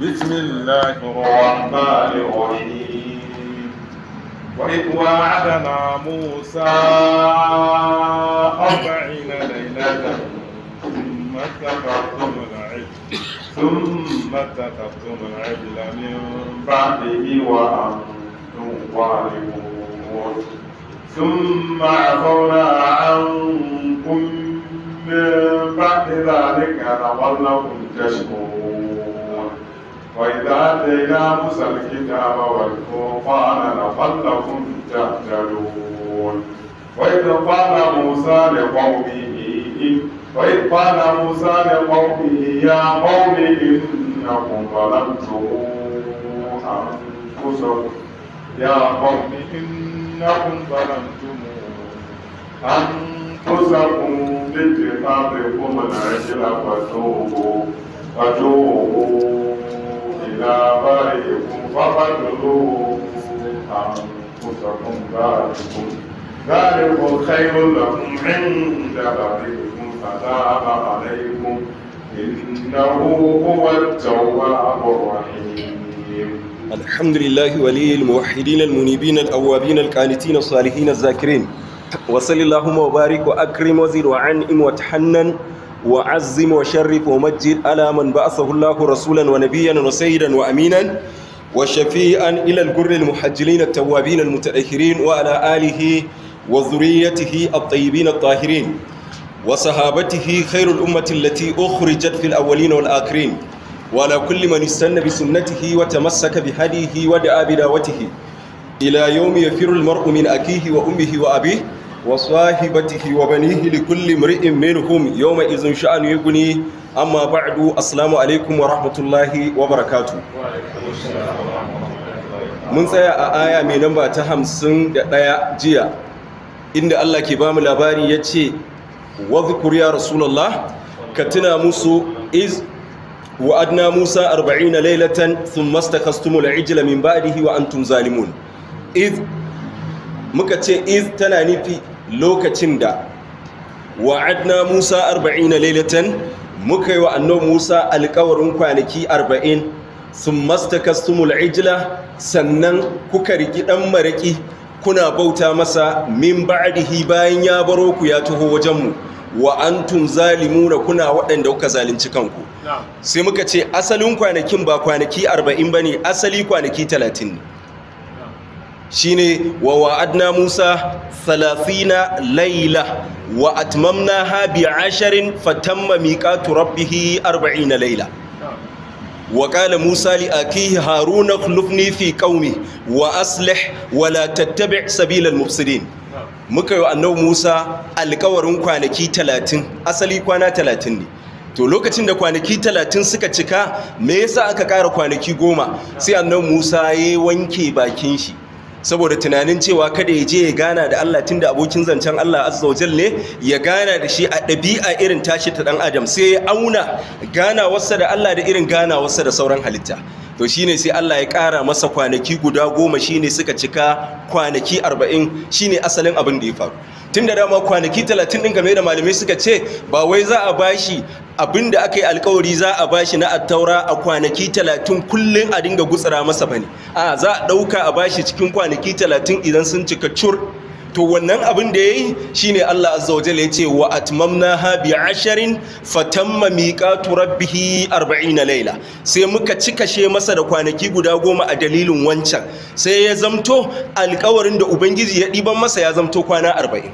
بسم الله الرحمن الرحيم وإذ وعدنا موسى أربعين ليلة ثم اتخذتم العجل ثم اتخذتم العجل من بعده وأنتم ظالمون ثم عفونا عنكم من بعد ذلك لعلكم تشكرون وإذا آتينا موسى الكتاب والفرقان لعلكم تهتدون وإذ قال موسى لقومه وإذ قال موسى لقومه يا قوم إنكم ظلمتم أنفسكم يا قوم إن إنكم ظلمتم أنفسكم باتخاذكم العجل فتوبوا فتوبوا إلى بارئكم فقتلوا أنفسكم ذلكم ذلكم خير لكم عند بارئكم فتاب عليكم إنه هو التواب الرحيم الحمد لله ولي الموحدين المنيبين الأوابين القانتين الصالحين الذاكرين وصل اللهم وبارك وأكرم وعن وعنئم وتحنن وعزم وشرف ومجد على من بعثه الله رسولا ونبيا وسيدا وأمينا وشفيئا إلى الجر المحجلين التوابين المتأخرين وعلى آله وذريته الطيبين الطاهرين وصحابته خير الأمة التي أخرجت في الأولين والآخرين وعلى كل من استنى بسنته وتمسك بهديه ودعا بدعوته إلى يوم يفر المرء من أكيه وأمه وأبيه وصاحبته وبنيه لكل امرئ منهم يومئذ شأن يغني أما بعد السلام عليكم ورحمة الله وبركاته mun tsaya a aya mai namba ta hamsin da ɗaya jiya inda Allah ke ba mu labari ya ce wadda kuriya rasulallah ka tuna musu iz wa'ad na musa arba'in na layla sun masta kastumul cijila min ba'da yi wa an tun muka ce eth tana nufi lokacin da wa'ad na musa arba'in na layla tun mukai wa annabu musa alkawarin kwanaki arba'in sun masta kastumul cijila sannan kuka riki dan maraƙi kuna bauta masa min ba'a da yi bayan ya baro ku ya tuho wajen mu wa'antun zalimu na kuna waɗanda kuka zalunci kanku. sai muka ce asalin kwanakin ba kwanaki arba'in ba ne asali kwanaki talatin ne shine wa wa'adna Musa 30 laila wa atmamnaha bi 10 fatamma miqatu rabbih 40 laila wa Musa li akihi Harun akhlifni fi wa aslih wa la tattabi' sabila al-mufsidin muka yi annabi Musa alƙawarin kwanaki talatin asali kwana talatin ne to lokacin da kwanaki talatin suka cika me yasa aka ƙara kwanaki goma sai annan musa ya wanke bakin shi saboda tunanin cewa kada ya je ya gana da Allah tun da abokin zancen Allah azza wajal ne ya gana da shi a ɗabi'a irin tashi ta ɗan adam sai ya auna gana wasa da Allah da irin gana wasa da sauran halitta to shine sai Allah ya kara masa kwanaki guda goma shine suka cika kwanaki arba'in shine asalin abin da ya faru tun da dama kwanaki talatin ɗin game da malamai suka ce ba wai za a bashi abin da aka yi alkawari za a bashi na attaura a kwanaki talatin kullum a dinga gutsura masa bane a za a ɗauka a bashi cikin kwanaki talatin idan sun cika cur to wannan abin da ya yi shi ne Allah azza wa ce wa atmamna bi asharin fatamma turabihi arba'i na Laila sai muka cika she masa da kwanaki guda goma a dalilin wancan sai ya zamto alkawarin da ubangiji ya diban masa ya zamto kwana arba'in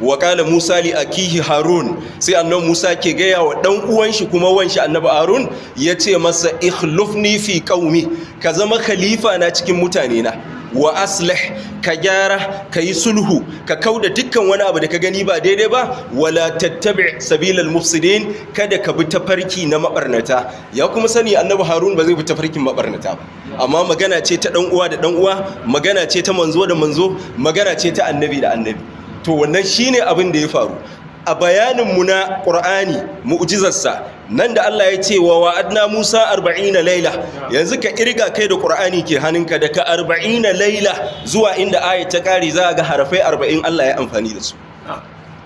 wa kala musa li akihi harun sai annabi musa ke gaya wa dan uwan shi kuma wan shi annabi harun yace masa ikhlufni fi qaumi ka zama khalifa na cikin mutane na wa aslih ka gyara ka yi sulhu ka kauda dukkan wani abu da ka gani ba daidai ba wala tattabi sabilal mufsidin kada ka bi tafarki na mabarnata ya kuma sani annabi harun ba zai bi tafarkin mabarnata ba amma magana ce ta dan uwa da dan uwa magana ce ta manzo da manzo magana ce ta annabi da annabi to wannan shine abin da ya faru a bayaninmu na ƙur'ani mu'ujizarsa, nan da Allah ya ce wa wa'adna Musa 40 laila yanzu ka irga kai da ƙur'ani ke hannunka daga 40 laila zuwa inda ayat ta kare za ga harafai 40 Allah ya amfani da su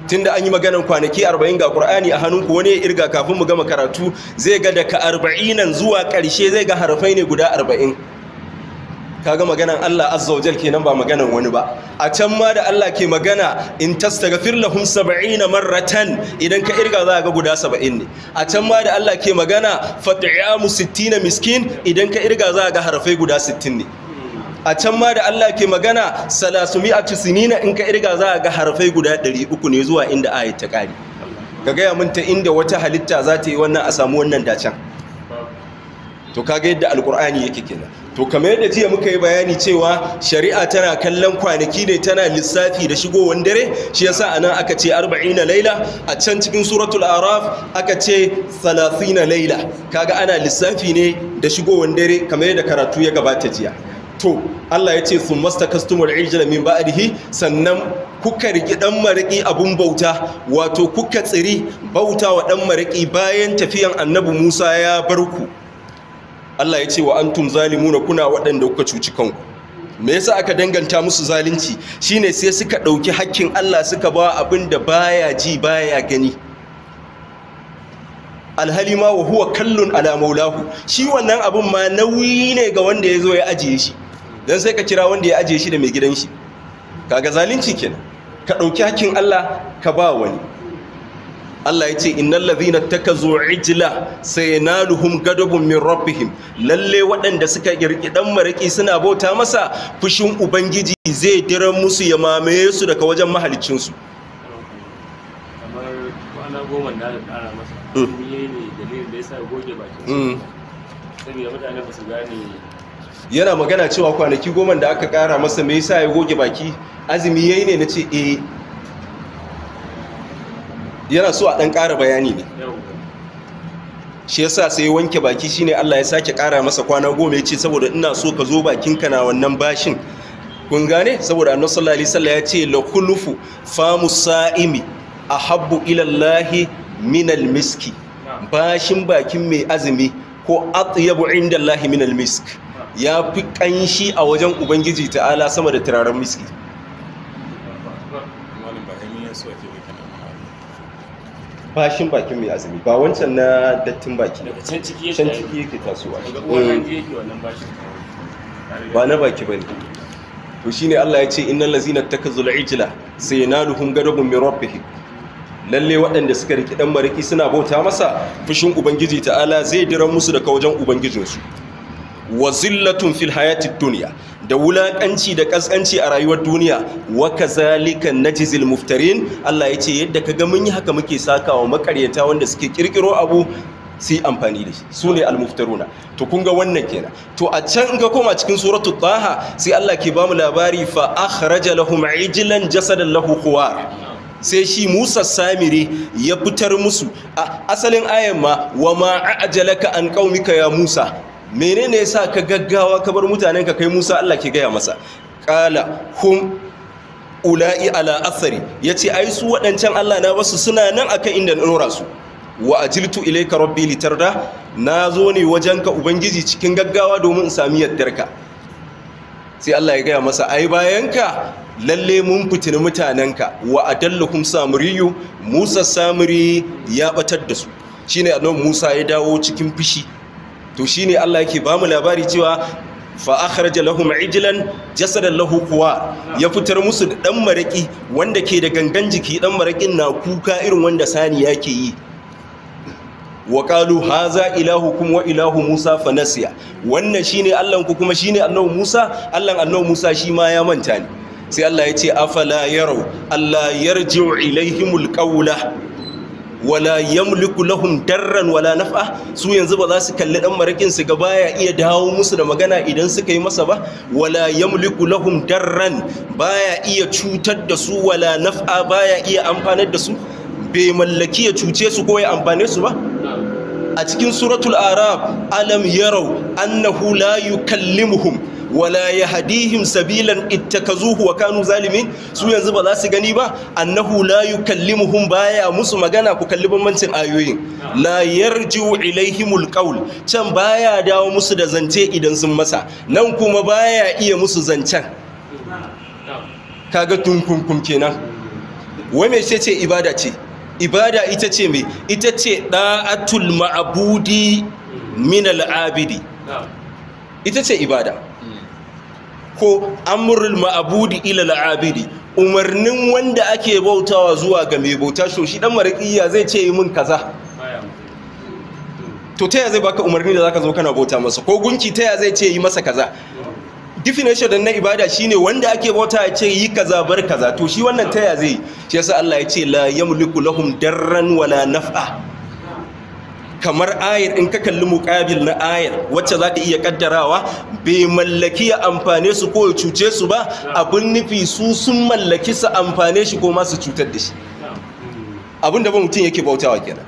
Tun da an yi maganar kwanaki arba'in ga ƙur'ani a hannunku wani ya irga kafin mu gama karatu zai ga daga 40 zuwa ƙarshe zai ga harafai ne guda arba'in. kaga maganan Allah azza wa jalla kenan ba maganan wani ba a can ma da Allah ke magana in tastaghfir lahum 70 marratan idan ka irga za ga guda 70 ne a can ma da Allah ke magana fat'amu 60 miskin idan ka irga za ga harafai guda 60 ne a can ma da Allah ke magana salasumi a tusinina in ka irga za ga harafai guda 300 ne zuwa inda ayi ta kare ka gaya mun ta inda wata halitta za ta yi wannan a samu wannan dacan to kaga yadda alqur'ani yake kenan to kamar yadda jiya muka yi bayani cewa shari'a tana kallon kwanaki ne tana lissafi da shigowan dare shi yasa anan aka ce 40 laila a can cikin suratul araf aka ce 30 laila kaga ana lissafi ne da shigowan dare kamar yadda karatu ya gabata jiya to Allah ya ce sun masta kastumar ijila min ba'adihi sannan kuka riki ɗan mariki abun bauta wato kuka tsiri bauta wa dan mariki bayan tafiyan annabi Musa ya bar ku Allah ya ce wa antum zalimuna kuna waɗanda kuka cuci kanku me yasa aka danganta musu zalunci shine sai suka ɗauki hakkin Allah suka ba abin da baya ji baya gani alhali ma wa huwa kallun ala maulahu shi wannan abin ma nauyi ne ga wanda ya zo ya ajiye shi don sai ka kira wanda ya ajiye shi da mai gidan shi kaga zalunci kenan ka ɗauki hakkin Allah ka ba wani Allah ya ce innal ladhina takazu ijla sayanaluhum gadabun min rabbihim lalle waɗanda suka kirki dan maraki suna bauta masa fushin ubangiji zai dira musu ya mamaye su daga wajen mahalicin hmm. hmm. su yana magana cewa kwanaki goma da aka kara masa me yasa ya goge baki azumi yayi ne ce eh yana so a ɗan ƙara bayani ne shi yasa sai wanke baki shine Allah ya sake ƙara masa kwana goma ya ce saboda ina so ka zo bakinka na wannan bashin kun gane saboda annabi sallallahu alaihi wasallam ya ce la khulufu famu sa'imi ahabbu ila ilallahi min miski bashin bakin mai azumi ko atyabu inda lahi min ya fi kanshi a wajen ubangiji ta'ala sama da turaren miski fashin bakin mai azumi ba wancan na dattin baki daga can ciki yake tasowa eh. ba na baki bane to shine Allah ya ce zula ijila. sai na sayanaluhum gadabun mai rabbihim lalle waɗanda suka riki ɗan mariki suna bauta masa fushin ubangiji ta'ala zai dira musu daga wajen ubangijinsu wa zillatun fil hayatid dunya da wulakanci da kaskanci a rayuwar duniya wa kazalika najzil muftarin Allah yace yadda kaga mun yi haka muke sakawa makaryata wanda suke kirkiro abu su yi amfani da shi su ne almuftaruna to kun ga wannan kenan to a can ga koma cikin suratu taha sai Allah ke bamu labari fa akhraja lahum ijlan jasadan lahu khuwar sai shi Musa Samiri ya fitar musu a asalin ayan ma wa ma ajalaka an qaumika ya Musa menene sa ka gaggawa ka bar mutanen ka kai Musa Allah ke gaya masa ƙala hum ula'i ala athari ce ai su waɗancan Allah na wasu suna nan kan inda nora su wa ajiltu ilayka rabbi litarda zo ne wajen ka ubangiji cikin gaggawa domin in sami ka. sai Allah ya gaya masa ai bayan ka, lalle mun fitini mutanenka wa adalluhum samuriyu Musa samuri ya batar da su shine annabi Musa ya dawo cikin fishi to ne Allah yake ba mu labari cewa fa akhraja lahum ijlan jasadan lahu kuwa ya fitar musu da ɗan maraƙi wanda ke da gangan jiki ɗan marakin na kuka irin wanda sani yake yi wa haza ilahukum wa ilahu musa fanasiya. nasiya wannan shi ne ku kuma ne Allah Musa Allah Allah Musa shi ma ya manta ne sai Allah ya ce afala yaro? Allah yarji'u ilaihimul qawla wala yamliku lahum darran wala naf'a su yanzu ba za su kalli dan marakin su gaba ya iya dawo musu da magana idan suka yi masa ba wala yamliku lahum darran baya iya cutar da su wala naf'a baya iya amfanar da su bai mallaki ya cuce su ko ya amfane su ba a cikin suratul arab alam yarau annahu la yukallimuhum wala hadihim sabilan ittakazuhu wa kanu zalimin su yanzu ba za su gani ba annahu la yukallimuhum baya musu magana ku kalli bambancin ayoyin la yarji'u ilaihimul qawl can baya dawo musu da zance idan sun masa nan kuma baya iya musu zancen kaga tunkunkum kenan wai me ce ibada ce ibada ita ce mai ita ce da'atul ma'abudi min al'abidi ita ce ibada ko Amurin ma'abudi ila la'abidi umarnin wanda ake bautawa zuwa ga mai bauta so shi dan marqiya zai ce yi min kaza to taya zai baka umarni da zaka zo kana bauta masa ko gunki taya zai ce yi masa kaza definition din na ibada shine wanda ake bauta ya ce yi kaza bar kaza to shi wannan taya zai shi yasa Allah ya ce la yamliku lahum darran wala naf'a kamar ayar in ka kalli mukabil na ayar wacce za ka iya kaddarawa bai mallaki ya amfane su ko ya cuce su ba abin nufi su sun mallaki su amfane shi ko masu cutar da shi abin da ba mutum yake bautawa kenan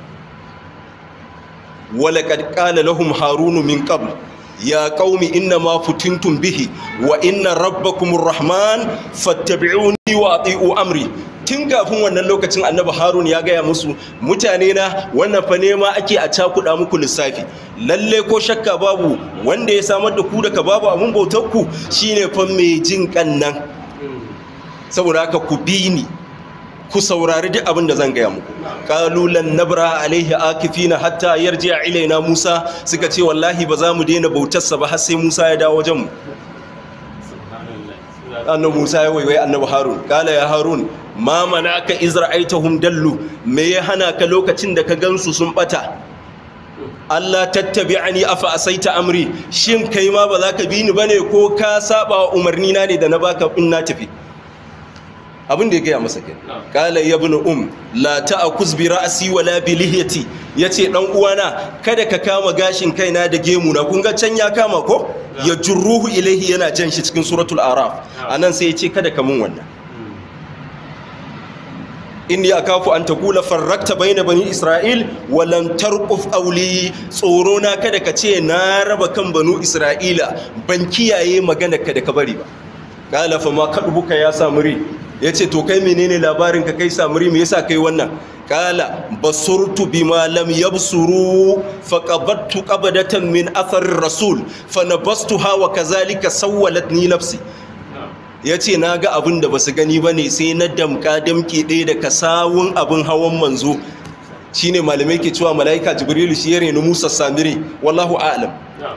walaƙad ƙala lahum harunu min qabl ya qaumi inna ma futintum bihi wa inna rabbakumur rahman fattabi'uni wa ati'u amri tun kafin wannan lokacin annabi harun ya gaya musu mutane na wannan fa nema ake a cakuɗa muku lissafi lalle ko shakka babu wanda ya samar da ku daga babu abin bautar ku shine fa mai jin kan nan saboda haka ku bi ni ku saurari duk abin da zan gaya muku kalulan nabra alaihi akifina hatta yarji'a ilaina musa suka ce wallahi ba za mu daina bautarsa ba har sai musa ya dawo wajen mu annabi musa ya waiwai annabi harun kala ya harun ma manaka izra'aitahum dallu me ya hana ka lokacin da ka gansu sun bata Allah ni afa fa’asaita amri shin kai ma ba za ka bi ni ne ko ka saba umarni na ne da na baka in na tafi abin da ya gaya masa kenan kala ya bi um la ta'kuz bi ra'si wa bi lihyati ya dan uwana kada ka kama gashin kaina da gemu na kun ga can ya kama ko ya ruhu ilaihi yana jan shi cikin suratul araf nan sai ya ce kada ka min wannan ya kafu an farrakta farraqta bayna bani isra'il Walantar tarquf tsoro na kada ka ce na raba kan banu isra'ila ban kiyaye magana ka da ka bari ba qala fa ma buka ya samuri yace to kai menene labarin ka kai samuri me yasa kai wannan bi basurtu bima lam yabsuru faqabattu qabdatan min athar rasul fa bastu wa kazalika sawwalat ni nafsi ya ce na ga abin da ba su gani ba ne sai na damka damki ɗaya da kasawun abin hawan manzo shi ne malamai ke cewa mala'ika jibrilu shi yare na musa samiri wallahu alam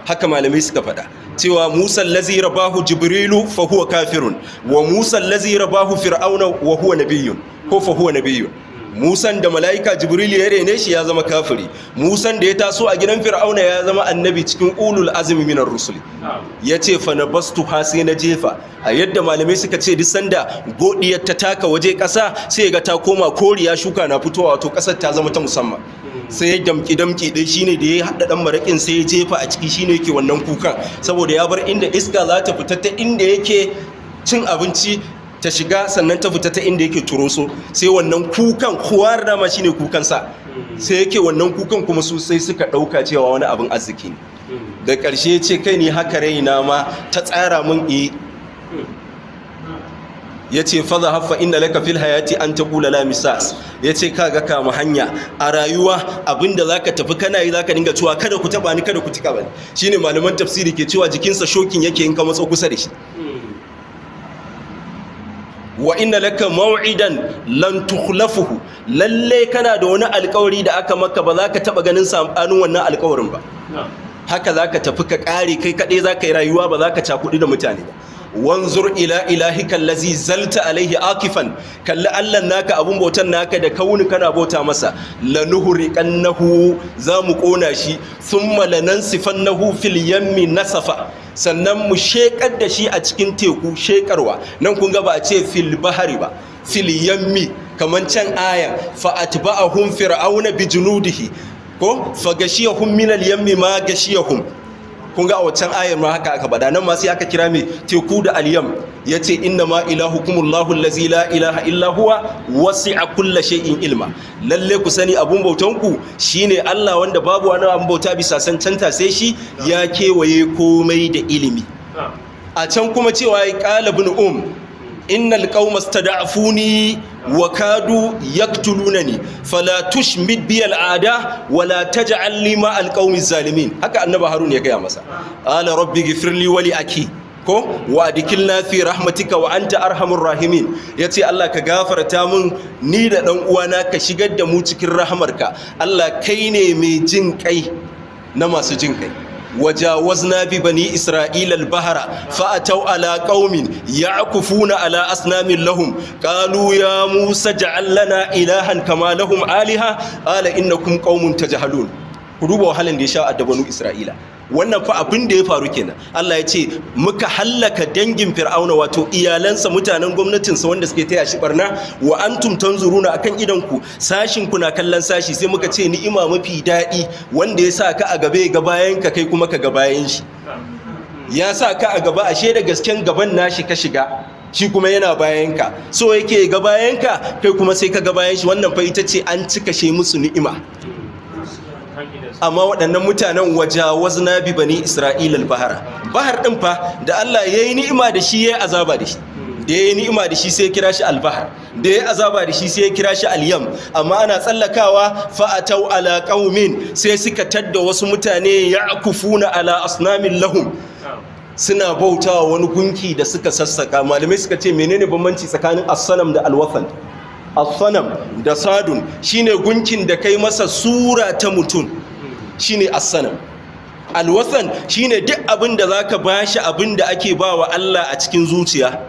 haka malamai suka faɗa cewa musa lazi rabahu jibrilu fa huwa kafirun wa musa lazi rabahu fir'auna wa huwa nabiyyun ko fa huwa nabiyyun musan da mala'ika jibril ya rene shi ya zama kafiri musan da ya taso a gidan fir'auna ya zama annabi cikin ulul azumi minar rusul ya ce fa na bastu ha sai na jefa a yadda malamai suka ce duk sanda godiyar ta taka waje ƙasa sai ga ta koma koriya shuka na fitowa wato ƙasar ta zama ta musamman sai ya damki damki dai shine da ya haɗa ɗan marakin sai ya jefa a ciki shine yake wannan kukan saboda ya bar inda iska za ta fita ta inda yake cin abinci ta shiga sannan ta fita ta inda yake turoso sai wannan kukan kuwar dama shine kukan sa sai yake wannan kukan kuma su sai suka dauka cewa wani abin arziki ne da ƙarshe ce kai ne haka raina ma ta tsara mun e ya ce faza haffa inda laka fil hayati an ta kula lamisas ya ce kaga kama hanya a rayuwa abinda za ka tafi kana yi za ka dinga cewa kada ku taba ni kada ku tika ba shi ne malaman tafsiri ke cewa jikinsa shokin yake yin ka matsa kusa da shi wa inna laka maw'idan lan tukhlafuhu lalle kana da wani alƙawari da aka maka ba za ka taɓa ganin sabanin wannan alƙawarin ba haka za ka tafi ka ƙare kai kaɗai za ka yi rayuwa ba za ka cakuɗi da mutane ba wanzur ila ilahi allazi zalta alaihi akifan kalli allan naka abun bautan naka da kauni kana bauta masa za zamu kona shi thumma lanansifannahu fil yammi nasafa sannan mu sheƙar da shi a cikin teku shekarwa nan kun ga ba a ce fil bahari ba fil yammi kamar can aya fa atba'ahum fir'auna bi junudihi ko fa gashiyahum min al yammi ma gashiyahum kun ga a waccan ayar ma haka aka bada nan ma sai aka kira mai teku da aliyam ya ce inna ma ilahukumullahu lazi la ilaha illa huwa a kulla shay'in ilma lalle ku sani abun bautan ku ne Allah wanda babu wani abun bauta bisa san canta sai shi ya kewaye komai da ilimi a can kuma cewa ya kala bin um innal qauma wakadu wa kadu yaqtulunani fala tushmid bi al'ada wala taj'al li ma alqaumi zalimin haka annabi harun ya gaya masa ala rabbi ghfirli wa li aki ko wa adkilna fi rahmatika wa anta arhamur rahimin yace Allah ka gafarta mun ni da dan uwana ka shigar da mu cikin rahmarka Allah kai ne mai jin kai na masu jin kai وجاوزنا ببني إسرائيل البحر فأتوا على قوم يعكفون على أصنام لهم قالوا يا موسى جعل لنا إلها كما لهم آلهة قال إنكم قوم تجهلون ku duba wahalan da ya sha a dabanu isra'ila wannan fa abin da ya faru kenan Allah ya ce muka hallaka dangin fir'auna wato iyalansa mutanen gwamnatinsa wanda suke taya shi barna wa antum tanzuruna akan idan ku sashin ku na kallon sashi sai muka ce ni'ima mafi daɗi wanda ya sa ka a gabe ga bayan ka kai kuma ka ga bayan shi ya sa ka a gaba ashe da gasken gaban nashi ka shiga shi kuma yana bayanka so yake ga bayanka kai kuma sai ka ga bayan shi wannan fa ita ce an cika she musu ni'ima amma waɗannan mutanen na bi bani isra'il al-bahara bahar ɗin fa da Allah ya yi ni'ima da shi yi azaba da shi da ya yi ni'ima da shi sai kira shi al-bahar da yi azaba da shi sai kira shi al-yam amma ana tsallakawa fa a ala qaumin sai suka tadda wasu mutane ya ya'kufuna ala asnamin lahum suna bautawa wani gunki da suka sassaka malamai suka ce menene bambanci tsakanin as-sanam da al-wathan Assanam da sadun shine gunkin da kai masa sura ta mutum shine as-sanam alwasan shine duk abin da zaka shi abin da ake bawa Allah a cikin zuciya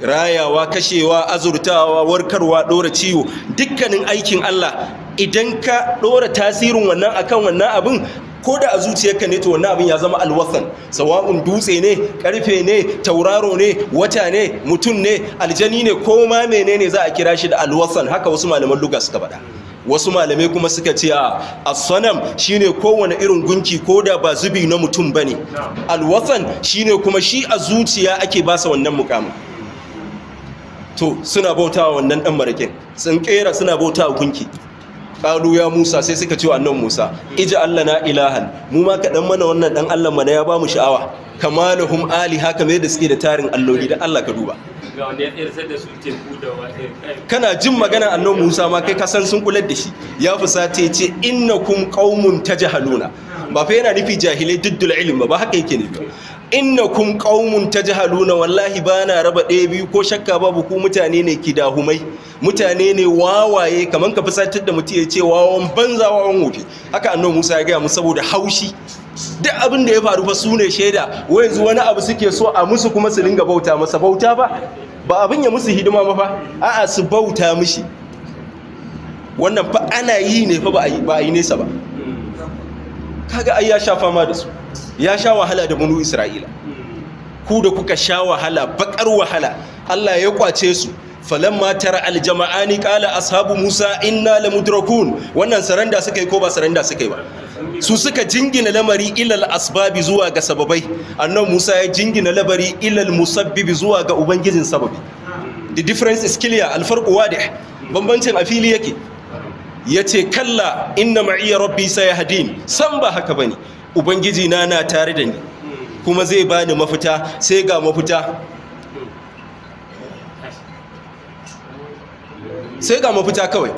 rayawa kashewa azurtawa warkarwa ɗora ciwo dukkanin aikin Allah idan ka ɗora tasirin wannan akan wannan abin ko da a zuciyarka ne to wannan abin ya zama alwasan sawa'un dutse ne karfe ne tauraro ne wata ne mutum ne aljani ne ko ma menene za a kira shi da alwasan haka wasu malaman luga suka faɗa wasu malamai kuma suka ce a asanam shine kowane irin gunki ko da ba zubi na mutum bane alwasan shine kuma shi a zuciya ake basa wannan mukamin to suna bautawa wannan dan marakin sun kera suna bautawa gunki ƙaru ya musa sai suka ce annan musa ija allah na ilahan mu ma kaɗan mana wannan ɗan allah mana ya ba mu sha'awa kama da hum ali haka mai da suke da tarin alloli da allah ka duba eh, kana jin magana annan musa ma kai kasan sun kular da shi ya fusata ta ce ƙaumun ta tajhaluna ba fa yana nufi jahilai duddul ilm ba ba haka yake nufi inna kun ta qaumun luna, wallahi bana raba ɗaya biyu ko shakka babu ku mutane ne ki dahumai. mutane ne wawaye kamar ka fusatar da mutu ya ce wawan banza wawan wofi haka annon Musa ya gaya mu saboda haushi duk abin da ya faru fa su ne shaida wai zuwa wani abu suke so a musu kuma su ringa bauta masa bauta ba ba abin ya musu hidima ba fa a'a su bauta mishi wannan fa ana yi ne fa ba a yi nesa ba kaga ai ya shafa ma da su ya sha wahala da banu isra'ila ku da kuka sha wahala bakar wahala Allah ya kwace su falamma tara aljama'ani qala ashabu musa inna lamudrakun wannan saranda suka yi ko ba saranda suka yi ba su suka jingina lamari ilal asbabi zuwa ga sababai annan musa ya jingina lamari ilal musabbibi zuwa ga ubangijin sababi the difference is clear alfarqu wadih bambancin a fili yake yace kalla inna ma'iya rabbi sayahdin san ba haka bane ubangiji na na tare da ni kuma zai bani mafita sai ga mafita sai ga mafita kawai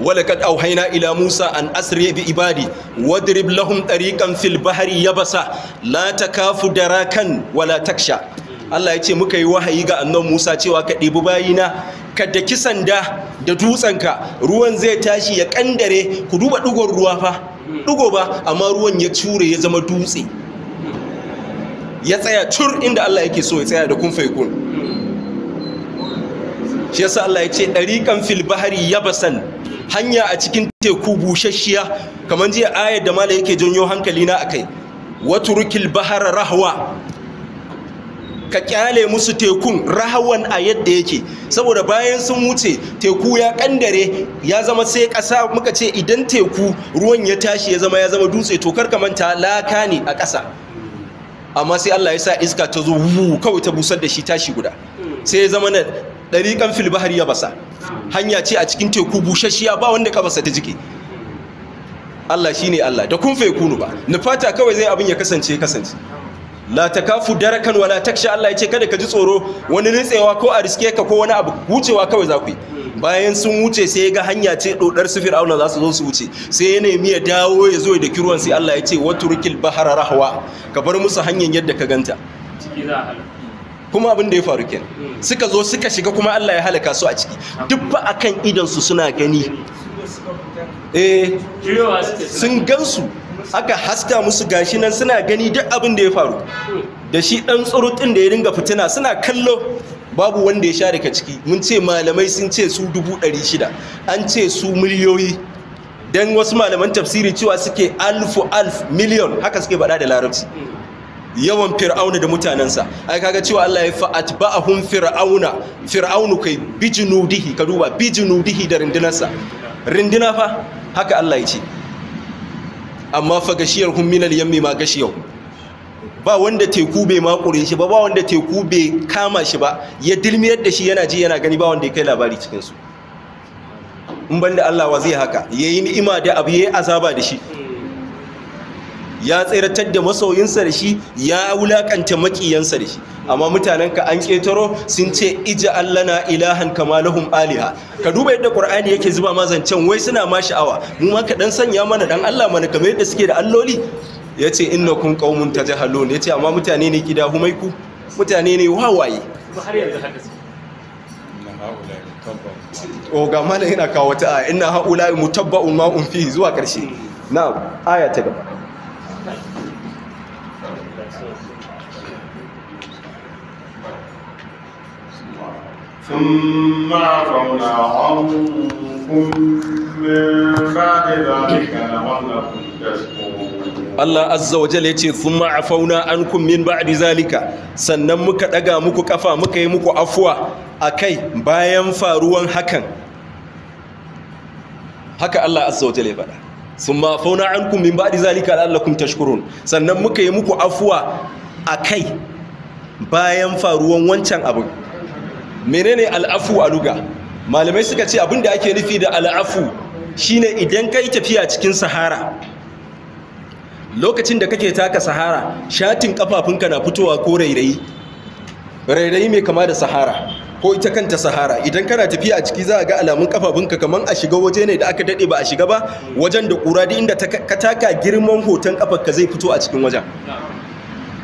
walakad auhaina ila musa an asri bi ibadi wadrib lahum tariqan fil bahri yabasa la takafu darakan wala taksha Allah ya ce muka yi wahayi ga annon Musa cewa ka ɗibi bayina ka daki sanda da dutsenka ruwan zai tashi ya ƙandare ku duba dugon ruwa fa ɗigo ba amma ruwan ya cure ya zama dutse ya tsaya cur inda Allah yake so ya tsaya da kun shi yasa Allah ya ce ɗariƙan fil bahari yabasan hanya a cikin teku bushashiya kamar jiya ayar da mala yake janyo hankali na kai, waturukil bahara rahwa ka kyale musu tekun rahawan a yadda yake saboda bayan sun wuce teku ya kandare ya zama sai ƙasa muka ce idan teku ruwan ya tashi ya zama ya zama dutse to kar ka manta laka ne a ƙasa amma sai Allah ya sa iska ta zo kawai ta busar da shi tashi guda sai ya zama na ɗariƙan filbahar ya basa hanya ce a cikin teku bushashiya ba wanda ka basa ta jiki Allah shine Allah da kun fe kunu ba nufata kawai zai abin ya kasance kasance la kafu darakan wala taksha Allah ya ce kada ka ji tsoro wani nitsewa ko a riske ka ko wani abu wucewa kawai za ku yi bayan sun wuce sai ga hanya ce dodar su fir'auna za su zo su wuce sai ya nemi ya dawo ya zo da kiruwan sai Allah ya ce waturkil bahara rahwa ka bar musu hanyar yadda ka ganta kuma abin da ya faru ken suka zo suka shiga kuma Allah ya halaka su a ciki duk ba akan idan su suna gani eh sun gansu aka haska musu gashi nan suna gani duk abin da ya faru da shi dan tsurutun da ya ringa fitina suna kallo babu wanda ya sha daga ciki mun ce malamai sun ce su dubu ɗari shida an ce su miliyoyi dan wasu malaman tafsiri cewa suke alfu alf miliyon haka suke bada da larabci yawan fir'auna da mutanensa ai kaga cewa Allah ya fa atba'ahum fir'auna fir'aunu kai bijinudihi ka duba bijinudihi da rindinarsa rindina fa haka Allah ya ce amma fa gashiyar hun minal yammi ma gashiyar ba wanda teku bai makure shi ba ba wanda teku bai kama shi ba ya dilmiyar da shi yana ji yana gani ba wanda ya kai labari cikinsu in banda Allah wa zai haka ya yi ni'ima da abu ya yi azaba da shi ya tseratar da masoyinsa da shi ya wulakanta makiyansa da shi amma mutanenka an ƙetaro sun ce ija allana ilahan kamaluhun aliha ka duba yadda qur'ani yake zuba ma wai suna ma sha'awa mu ma ka dan sanya mana dan Allah mana kamar yadda suke da alloli Ya yace innakum qaumun Ya ce amma mutane ne gida humaiku mutane ne wawaye har yanzu haka o ga malam yana kawo ta aya haula mutabba'un ma'un fi zuwa ƙarshe na aya ta gaba ثم عفونا عنكم من بعد ذلك لعلكم Allah azza wa jalla yace thumma afauna ankum min ba'di zalika sannan muka daga muku kafa muka yi muku afwa akai bayan faruwan hakan haka Allah azza wa jalla ya faɗa thumma afauna ankum min ba'di zalika la'allakum tashkurun sannan muka yi muku afwa akai bayan faruwan wancan abin menene al'afu a luga malamai suka ce abinda ake nufi da al'afu shine idan kai tafiya cikin sahara lokacin da kake taka sahara shatin kafafunka na fitowa ko rairayi rairayi mai kama da sahara ko ita kanta sahara idan kana tafiya a ciki za a ga alamun kafafunka kamar a shiga waje ne da aka dade ba a shiga ba wajen da kura duk inda ka taka girman hoton ka zai fito a cikin wajen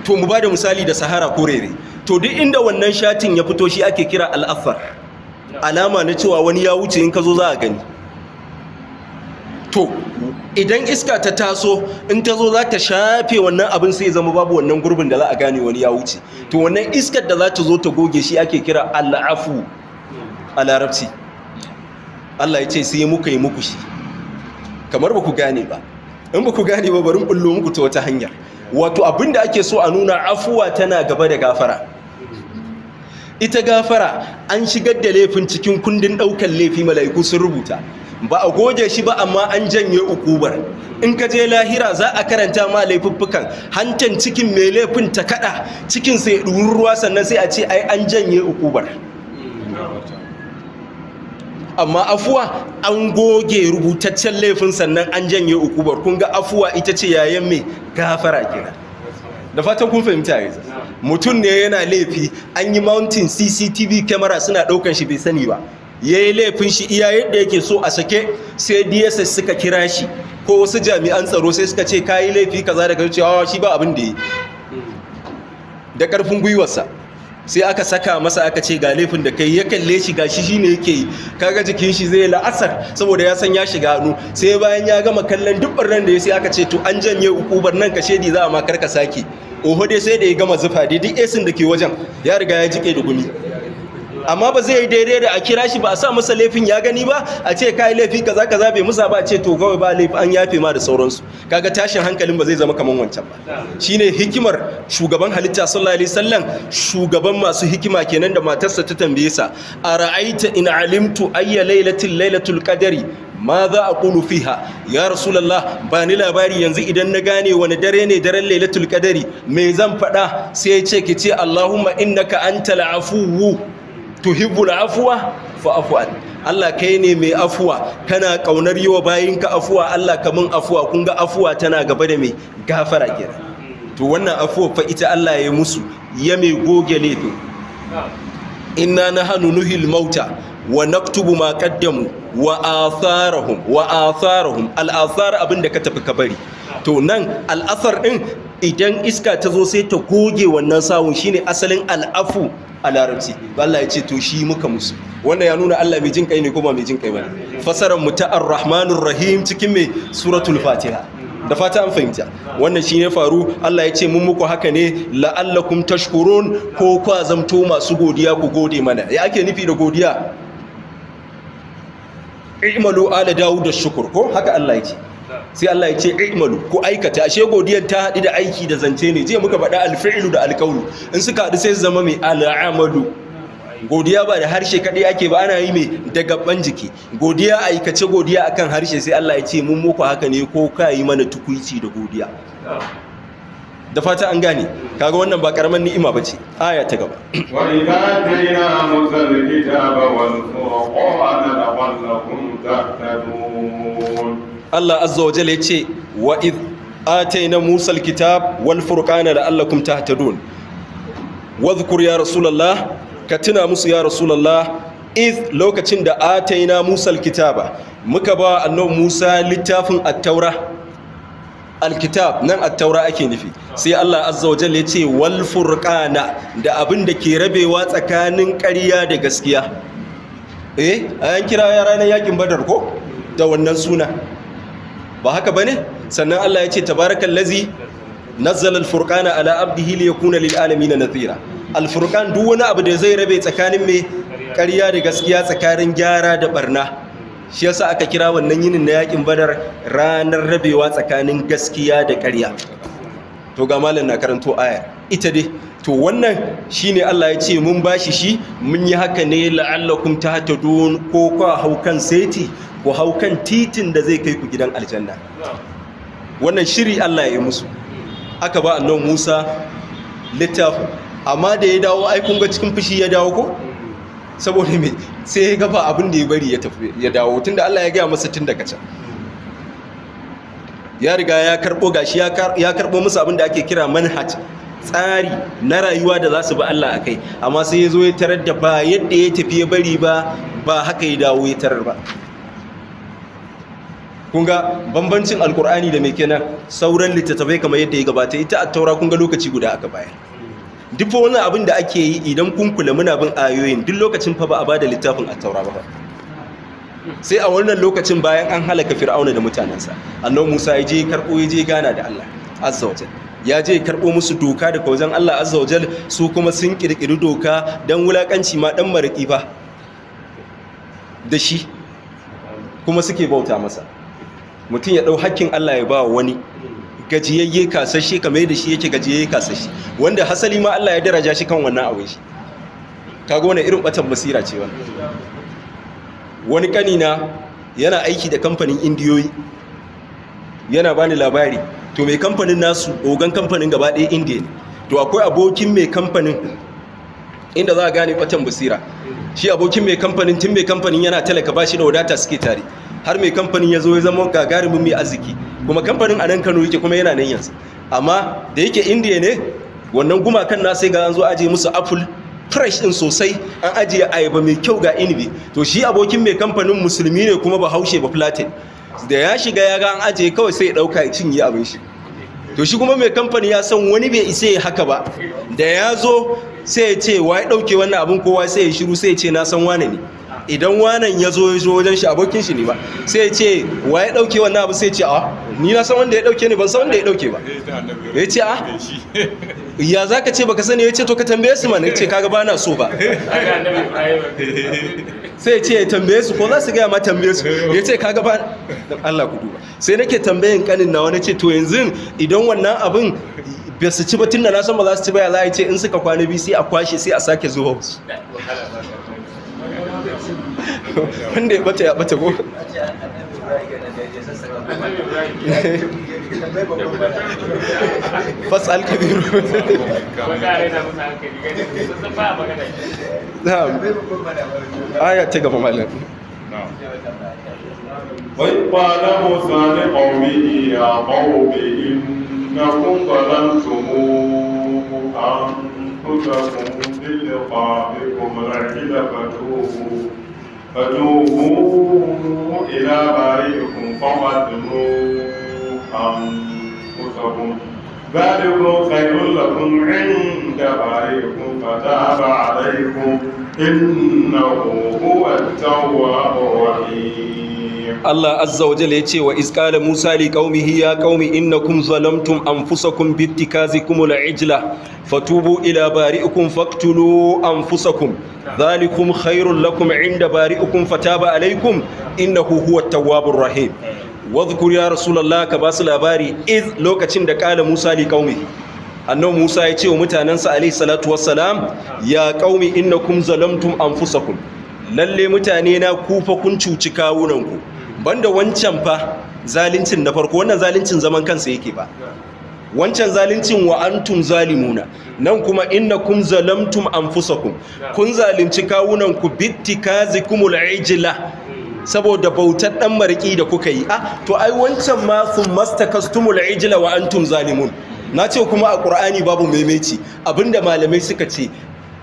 to mu ba da misali da sahara ko rairayi to duk inda wannan shatin ya fito shi ake kira al'afar alama na cewa wani ya wuce in ka zo za a gani to idan iska ta taso in ta zo za ta shafe wannan abin sai zama babu wannan gurbin da za a gane wani ya wuce to wannan iskar da za ta zo ta goge shi ake kira al'afu a larabci Allah ya ce sai muka yi muku shi kamar ba ku gane ba in ba ku gane ba barin bullo muku ta wata hanyar wato abin da ake so a nuna afuwa tana gaba da gafara ita gafara an shigar da laifin cikin kundin ɗaukan laifi mala'iku sun rubuta ba a goge shi ba amma an janye ukubar in ka je lahira za a karanta ma laifuffukan hantan cikin mai laifin ta kada cikin sai ɗurin ruwa sannan sai a ce ai an janye ukubar amma afuwa an goge rubutaccen laifin sannan an janye ukubar kun afuwa ita ce yayan mai gafara kira da fatan kun fahimta yanzu mutum ne yana laifi an yi mountain cctv camera suna daukan shi bai sani ba ya yi laifin shi iya yadda yake so a sake sai dss suka kira shi ko wasu jami'an tsaro sai suka ce kayi laifi kaza da kaza cewa shi ba abin da yi da karfin gwiwarsa sai aka saka masa aka ce ga laifin da kai ya kalle shi ga shi shine yake yi kaga jikin shi zai la'asar saboda ya san ya shiga hannu sai bayan ya gama kallon duk barnan da ya sai aka ce to an janye ukubar nan ka shedi za a ma karka sake oho dai sai da ya gama zufa dai duk esin da ke wajen ya riga ya jike da gumi amma ba zai yi daidai da a kira shi ba a sa masa laifin ya gani ba a ce kai laifi kaza kaza bai musa ba a ce to kawai ba laifi an yafe ma da sauransu kaga tashin hankalin ba zai zama kamar wancan ba shine hikimar shugaban halitta sallallahu alaihi wasallam shugaban masu hikima kenan da matarsa ta tambaye sa ara'aita in alimtu ayya lailatul lailatul qadari ma za a ƙulu fiha ya rasulallah ba ni labari yanzu idan na gane wani dare ne daren lailatul ƙadari mai zan faɗa sai ya ce ki ce allahumma innaka anta la'afuwu tuhibbul afuwa fa an Allah kai ne mai afuwa kana kaunar bayan ka afuwa Allah kamun afuwa kun ga afuwa tana gaba da mai gafara gira to wannan afuwa fa ita Allah ya musu ya mai goge laifin inna nahanu nuhil mauta wa naktubu ma qaddamu wa atharahum wa atharahum al athar abinda ka tafi ka bari to nan al athar din idan iska ta zo sai ta goge wannan sawun shine asalin al afu a larabci Allah ya ce to shi muka musu wannan ya nuna Allah mai jin kai ne kuma mai jin kai bane fasaran mu ta ar rahim cikin mai suratul fatiha da fata an fahimta wannan shi ne faru Allah ya ce mun muku haka ne la'allakum tashkurun ko kwa zamto masu godiya ku gode mana ya ake nufi da godiya i'malu ala dawud da shukur ko haka Allah ya ce sai Allah ya ce i'malu ko aikata ashe godiyar ta haɗu da aiki da zance ne jiya muka faɗa alfi'lu da alkaulu in suka hadu sai zama mai al'amalu godiya ba da harshe kadai ake ba ana yi mai da gabban jiki godiya aikace godiya akan harshe sai Allah ya ce mun muku haka ne ko ka mana tukuici da godiya da fata an gane kaga wannan ba karaman ni'ima bace aya ta gaba wa idza tayna muzal wa qawana laqallakum Allah azza wa jale ce wa a ta na Musa alkitab wal da Allah ta don wa ya rasulallah ka tuna musu ya rasulallah iz lokacin da a ta yi na Musa alkitaba muka ba a nan Musa littafin alkitab nan attaura ake nufi sai Allah azza wa jale ce wal da abinda ke rabewa tsakanin kariya da gaskiya eh an kira ranar yakin badar ko da wannan suna ba haka bane sannan Allah ya ce tabarakal lazi nazzala alfurqana ala abdihi li yakuna lil alamin nadhira al duk wani abu da zai rabe tsakanin me ƙarya da gaskiya tsakanin gyara da barna shi yasa aka kira wannan yinin na yakin badar ranar rabewa tsakanin gaskiya da ƙarya to ga malam na karanto ayar ita dai to wannan shine Allah ya ce mun bashi shi mun yi haka ne la'allakum tahtadun ko kwa haukan saiti ko haukan titin da zai kai ku gidan aljanna wannan shiri Allah ya yi musu aka ba annabi Musa littafi amma da ya dawo ai kun ga cikin fushi ya dawo ko saboda me sai ya gaba abin da ya bari ya tafi ya dawo tunda Allah ya gaya masa tun daga can ya riga ya karbo gashi ya karbo musu abin da ake kira manhaj tsari na rayuwa da za su bi Allah a kai amma sai ya zo ya tarar da ba yadda ya tafi ya bari ba ba haka ya dawo ya tarar ba kunga bambancin alkur'ani da mai kenan sauran littattafai kamar yadda ya gabata ita a taura kunga lokaci guda aka bayar duk wani abin da ake yi idan kun kula muna bin ayoyin duk lokacin fa ba a bada littafin a taura ba sai a wannan lokacin bayan an halaka fir'auna da mutanensa annabi musa ya je karɓo ya je gana da allah azza wa ya je karɓo musu doka daga wajen Allah azza wajal su kuma sun ƙirƙiri doka don wulaƙanci ma ɗan maraƙi ba da shi kuma suke bauta masa mutum ya ɗau hakkin Allah ya ba wani gajiyayye kasashe kamar da shi yake gajiyayye kasashe wanda hasali ma Allah ya daraja shi kan wannan abin shi Ka wannan irin batan basira ce wani kanina yana aiki da kamfanin indiyoyi yana bani labari to mai kamfanin nasu ogan kamfanin gaba ɗaya indiya to akwai abokin mai kamfanin inda za a gane kwatan basira shi abokin mai kamfanin tun mai kamfanin yana talaka ba shi da wadata suke tare har mai kamfanin ya zo ya zama gagarumin mai arziki kuma kamfanin a nan kano yake kuma yana nan yanzu amma da yake indiya ne wannan gumakan na sai ga an zo aje musu apple fresh din sosai an ajiye ayaba mai kyau ga inibi to shi abokin mai kamfanin musulmi ne kuma ba haushe ba platin da ya shiga ya ga an ajiye kawai sai ya dauka ya cinye abin shi to shi kuma mai kamfani ya san wani bai isa haka ba da ya zo sai ya ce wa ya ɗauke wannan abin kowa sai ya shiru sai ya ce na san wane ne idan wanan ya zo ya zo wajen shi abokin shi ne ba sai ya ce wa ya ɗauke wannan abin sai ya ce a ni na san wanda ya ɗauke ne ban san wanda ya ɗauke ba ya ce a ya za ka ce baka sani ya ce to ka tambaye su mana ya ce kaga ba na so ba sai ya ce ya tambaye su ko za su gaya ma tambaye su ya ce ka gaba. Allah ku duba sai nake tambayin kanin nawa na ce to yanzu idan wannan abin ba su ci ba tun da na san ba za su ci ba ya za ce in suka kwana biyu sai a kwashe sai a sake zuwa musu wanda ya bata ya bata ko fasal kabiru na'am aya ta gaba malam وإذ قال موسى لقومه يا قوم إنكم ظلمتم أنفسكم بلقاءكم العجل فتوبوا فتوبوا إلى بارئكم فقدموا أنفسكم ذلكم خير لكم عند بارئكم فتاب عليكم إنه هو التواب الرحيم Allah azza wa jalla yace wa isqala Musa li qaumihi ya qaumi innakum zalamtum anfusakum biittikazikum al-ijla fatubu ila bari'ikum faqtulu anfusakum dhalikum khairul lakum 'inda bari'ikum fataba alaykum innahu huwat tawwabur rahim wadhkur ya rasulullah ka basu labari iz lokacin da kala Musa li qaumihi annabi Musa yace wa mutanansa alayhi salatu wassalam ya qaumi innakum zalamtum anfusakum lalle mutane na kufa kun cuci kawunanku banda wancan fa zalincin na farko wannan zaluncin zaman kansa yake ba wancan zalincin wa antum zalimuna nan kuma innakum zalamtum anfusakum kun zalunci kawunan ku bittikazikumul ijla saboda bautar dan mariki da kuka yi ah to ai wancan ma sun mastakastumul ijla wa antum zalimun na ce kuma a ƙur'ani babu maimaici abinda malamai suka ce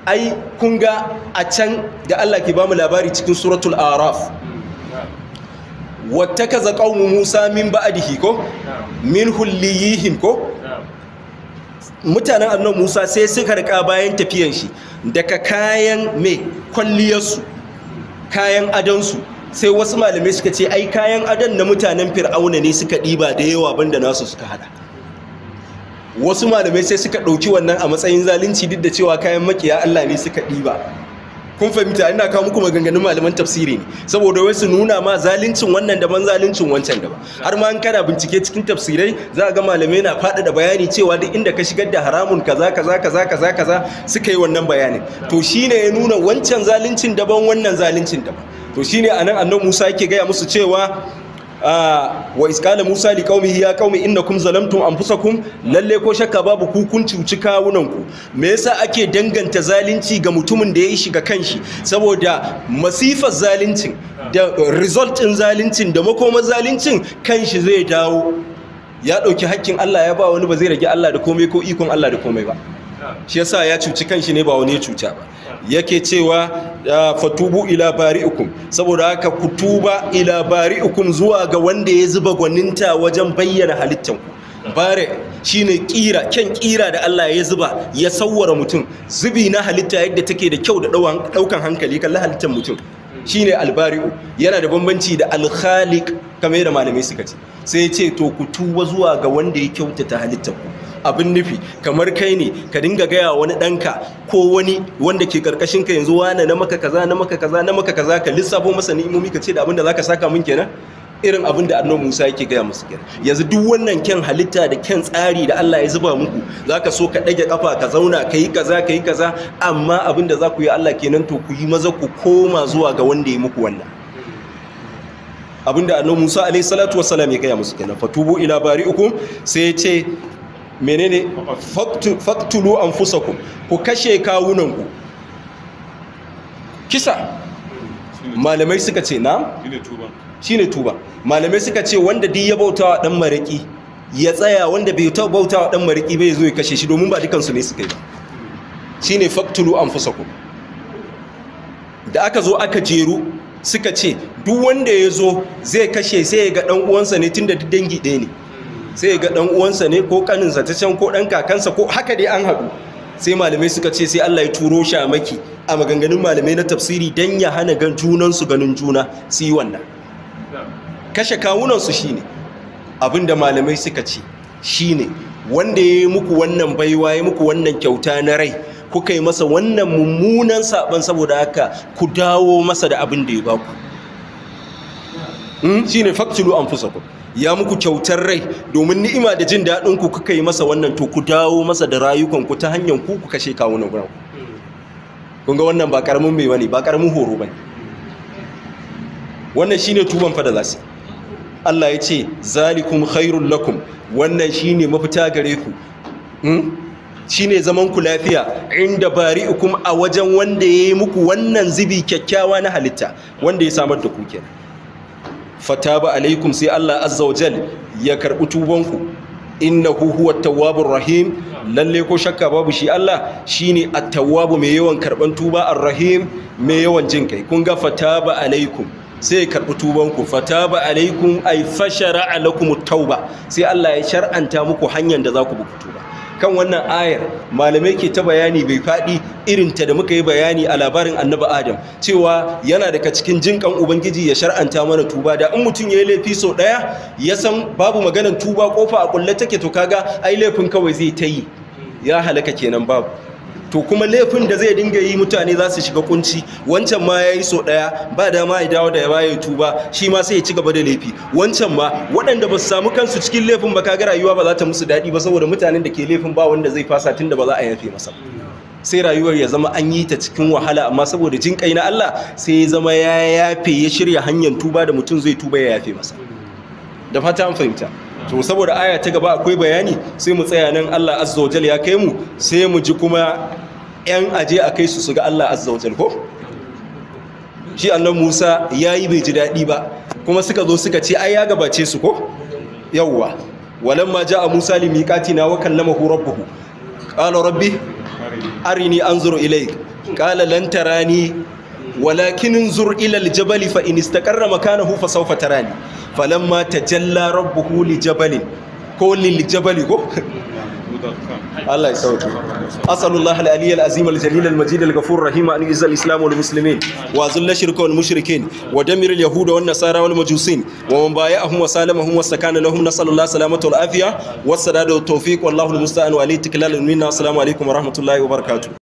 ai kun ga a can da Allah ke bamu labari cikin suratul araf za qaumu Musa min ba'dihi ko min hulliyihim ko mutanen annon Musa sai suka rika bayan tafiyan shi daga kayan me kwalliyarsu kayan adansu sai wasu malamai suka ce ai kayan adan na mutanen fir'auna ne suka ɗiba da yawa banda nasu suka hada wasu malamai sai suka ɗauki wannan a matsayin zalunci duk da cewa kayan makiya Allah ne suka ɗiba kun fahimta ina kawo muku maganganun malaman tafsiri ne saboda wai su nuna ma zaluncin wannan daban zaluncin wancan daban har ma an kana bincike cikin tafsirai za ga malamai na da bayani cewa duk inda ka shigar da haramun kaza kaza kaza kaza kaza suka yi wannan bayanin to shine ya nuna wancan zaluncin daban wannan zaluncin daban to shine anan annabi Musa yake gaya musu cewa Ah, wa iskala musa li hiya ya inna kum zalamtum anfusakum lalle ko shakka babu ku kun cuci kawunanku me yasa ake danganta zalunci ga mutumin da ya yi shiga kanshi saboda masifar zaluncin da result din zaluncin da makomar zaluncin kanshi zai dawo ya dauki hakkin Allah ya ba wani ba zai rage Allah da komai ko ikon Allah da komai ba shi yasa ya cuci kanshi ne ba wani ya cuta ba yake cewa fatubu ila ukun saboda haka ku tuba ila ukun zuwa ga wanda ya zuba gwaninta wajen bayyana halittar bare shine kira kyan kira da Allah ya zuba ya sawwara mutum zubi na halitta yadda take da kyau da daukan hankali kallon halittar mutum shine albari'u yana da bambanci da alkhaliq kamar yadda malamai suka ce sai ya ce to ku tuba zuwa ga wanda ya kyautata halittanku abin nufi kamar kai ne ka dinga gaya wani ɗanka ko wani wanda ke karkashin ka yanzu wane na maka kaza na maka kaza na maka kaza ka lissafo masa ni'imomi ka ce da abin da zaka saka min kenan irin abin da annabi Musa yake gaya musu kenan yanzu duk wannan kyan halitta da kyan tsari da Allah ya zuba muku zaka so ka dage kafa ka zauna kai kaza kai kaza amma abin da zaku yi Allah kenan to ku yi maza ku koma zuwa ga wanda ya muku wannan abinda annabi Musa alaihi salatu wassalam ya gaya musu kenan fatubu ila bari'ukum sai ya ce menene faktulu fusaku ku kashe kawunanku kisa malamai suka ce na Shi ne tuba malamai suka ce wanda di ya bauta wa dan mariki ya tsaya wanda bai ta wa dan mariki bai zo ya kashe shi domin ba dukansu ne suka yi Shi ne faktulu fusaku. da aka zo aka jeru suka ce duk wanda ya zo zai kashe sai ya ga dan uwansa ne tun da dangi ɗaya ne sai ga dan uwansa ne ko kaninsa ta can ko dan kakansa ko haka dai an haɗu sai malamai suka ce sai Allah ya turo shi a maki a maganganun malamai na tafsiri dan ya hana gan junan su ganin juna su yi wannan kashe kawunan su shine abinda malamai suka ce shine wanda ya yi muku wannan baiwa ya muku wannan kyauta na rai kuka yi masa wannan mummunan saban saboda haka ku dawo masa da abin da ya baku hmm? shine fusa ku ya muku kyautar rai domin ni'ima da jin daɗin ku kuka yi masa wannan to ku dawo masa da rayukan ku ta hanyar ku ku kashe kawunan ku kun ga wannan ba karamin mai bane ba karamin horo bane wannan shine tuban fa da zasu Allah ya ce zalikum khairul lakum wannan shine mafita gare ku hmm? shine zaman ku lafiya inda bari'ukum a wajen wanda yayi muku wannan zibi kyakkyawa na halitta wanda ya samar da ku kenan fataba alaikum sai Allah azza jal ya karbi tubanku innahu huwa tawwabur rahim lalle ko shakka babu shi Allah shine at-tawwabu mai yawan karban tuba ar-rahim mai yawan jin kai kun ga fataba alaikum sai ya karbi tubanku fataba alaikum ay fashara alakum at-tauba sai Allah ya shar'anta muku hanyar da za ku bi tuba Kan wannan ayar malamai ke ta bayani bai faɗi irinta da muka yi bayani a labarin annabi adam cewa yana daga cikin jinkan ubangiji ya shar'anta mana tuba da in mutum ya yi laifi sau ɗaya ya san babu maganar tuba kofa a kulle take to kaga ai laifin kawai zai ta yi ya halaka kenan babu to kuma laifin da zai dinga yi mutane za su shiga kunci wancan ma ya yi so ɗaya ba da dama ya dawo da ya baya tuba shi ma sai ya ci gaba da laifi wancan ma waɗanda ba su samu kansu cikin laifin ba kaga rayuwa ba za ta musu daɗi ba saboda mutanen da ke laifin ba wanda zai fasa tun da ba za a yafe masa sai rayuwar ya zama an yi ta cikin wahala amma saboda jin kai na Allah sai ya zama ya yafe ya shirya hanyar tuba da mutum zai tuba ya yafe masa da fata an fahimta to saboda aya ta gaba akwai bayani sai mu tsaya nan Allah azza wa ya kai mu sai mu ji kuma 'yan aje a kai su su ga Allah azza wa ko shi Allah musa ya yi bai ji daɗi ba kuma suka zo suka ce ai ya gabace su ko yawwa walan ma ja a musa limikati na wa kallama hu hu? qala rabbi arini zuru ilai. qala lantara tarani walakinin zuru ila jabali fa in istaqarra makanahu fa sawfa tarani falamma tajalla rabbuhu lijabalin ko Lijabali ko Allah ya sauke. Asalullah al’aliyya rahima an izal islam al-musulmin wa wa damir yahuda wa majusin wa man baya ahun wa salama hun wa na sallallahu afiya wa sadada tawfiq wa rahmatullahi wa barakatuh.